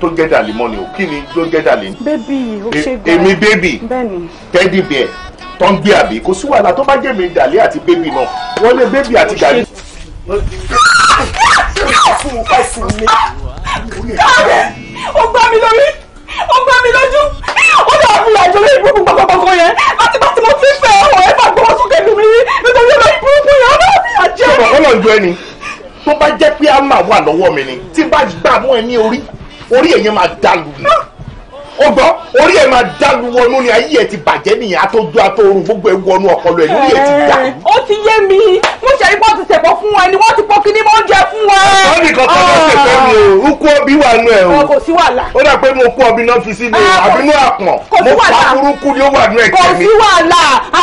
tó jẹ́ dàlí mọ́ ni o kí ni tó jẹ́ dàlí. bébì ó e-, ṣe gbọ́ èmi bébì tẹ́dí bẹ́ẹ̀ tó ń gbé àbí kò sí wàhálà tó bá jẹ́ mi dàlí àti bébì náà wọ́n lé bébì àti dàlí. káàdì ó gbá mi lórí ó gbá mi lójú ó dà bí àjọ lórí ìbùkún pàpàpàpọ̀ yẹn láti bá tí mo ti fẹ́ ọ̀rọ̀ ẹ̀ bá gbọ́ sókè lù mí nítorí ọ̀rọ̀ ìbùkún yẹn ó dà bí àjẹ́. ṣé bàbá náà ń jọ ẹni tó bá jẹ́ pé á máa wà lọ́wọ́ mi ni tí bá gbà mọ́ ẹ ní orí orí ẹ̀yẹn máa dàlù ni ó gbọ́ orí ẹ̀ máa dàlù wọnú ni ayé ẹ̀ ti bàjẹ́ nìyẹn atójú atóorun gbogbo ẹ̀ wọnú ọpọlọ ẹ̀ lórí ẹ̀ ti dàlù. ó ti yé mi mo ṣe ipò ti ṣẹ̀fọ́ fún wa ni wọ́n ti pọ́ kíní mọ́ oúnjẹ fún wa. wọ́n ní kankan ló ṣètò mi o ukú obi wà nù ẹ̀ o. kò sí wàhálà. ó dà pé mo kú ọbí náà fi sílé ah, àbínú àpọ̀n mo pa burúkú ni ó wà nù ẹ̀kẹ́ mi. kò sí wàhálà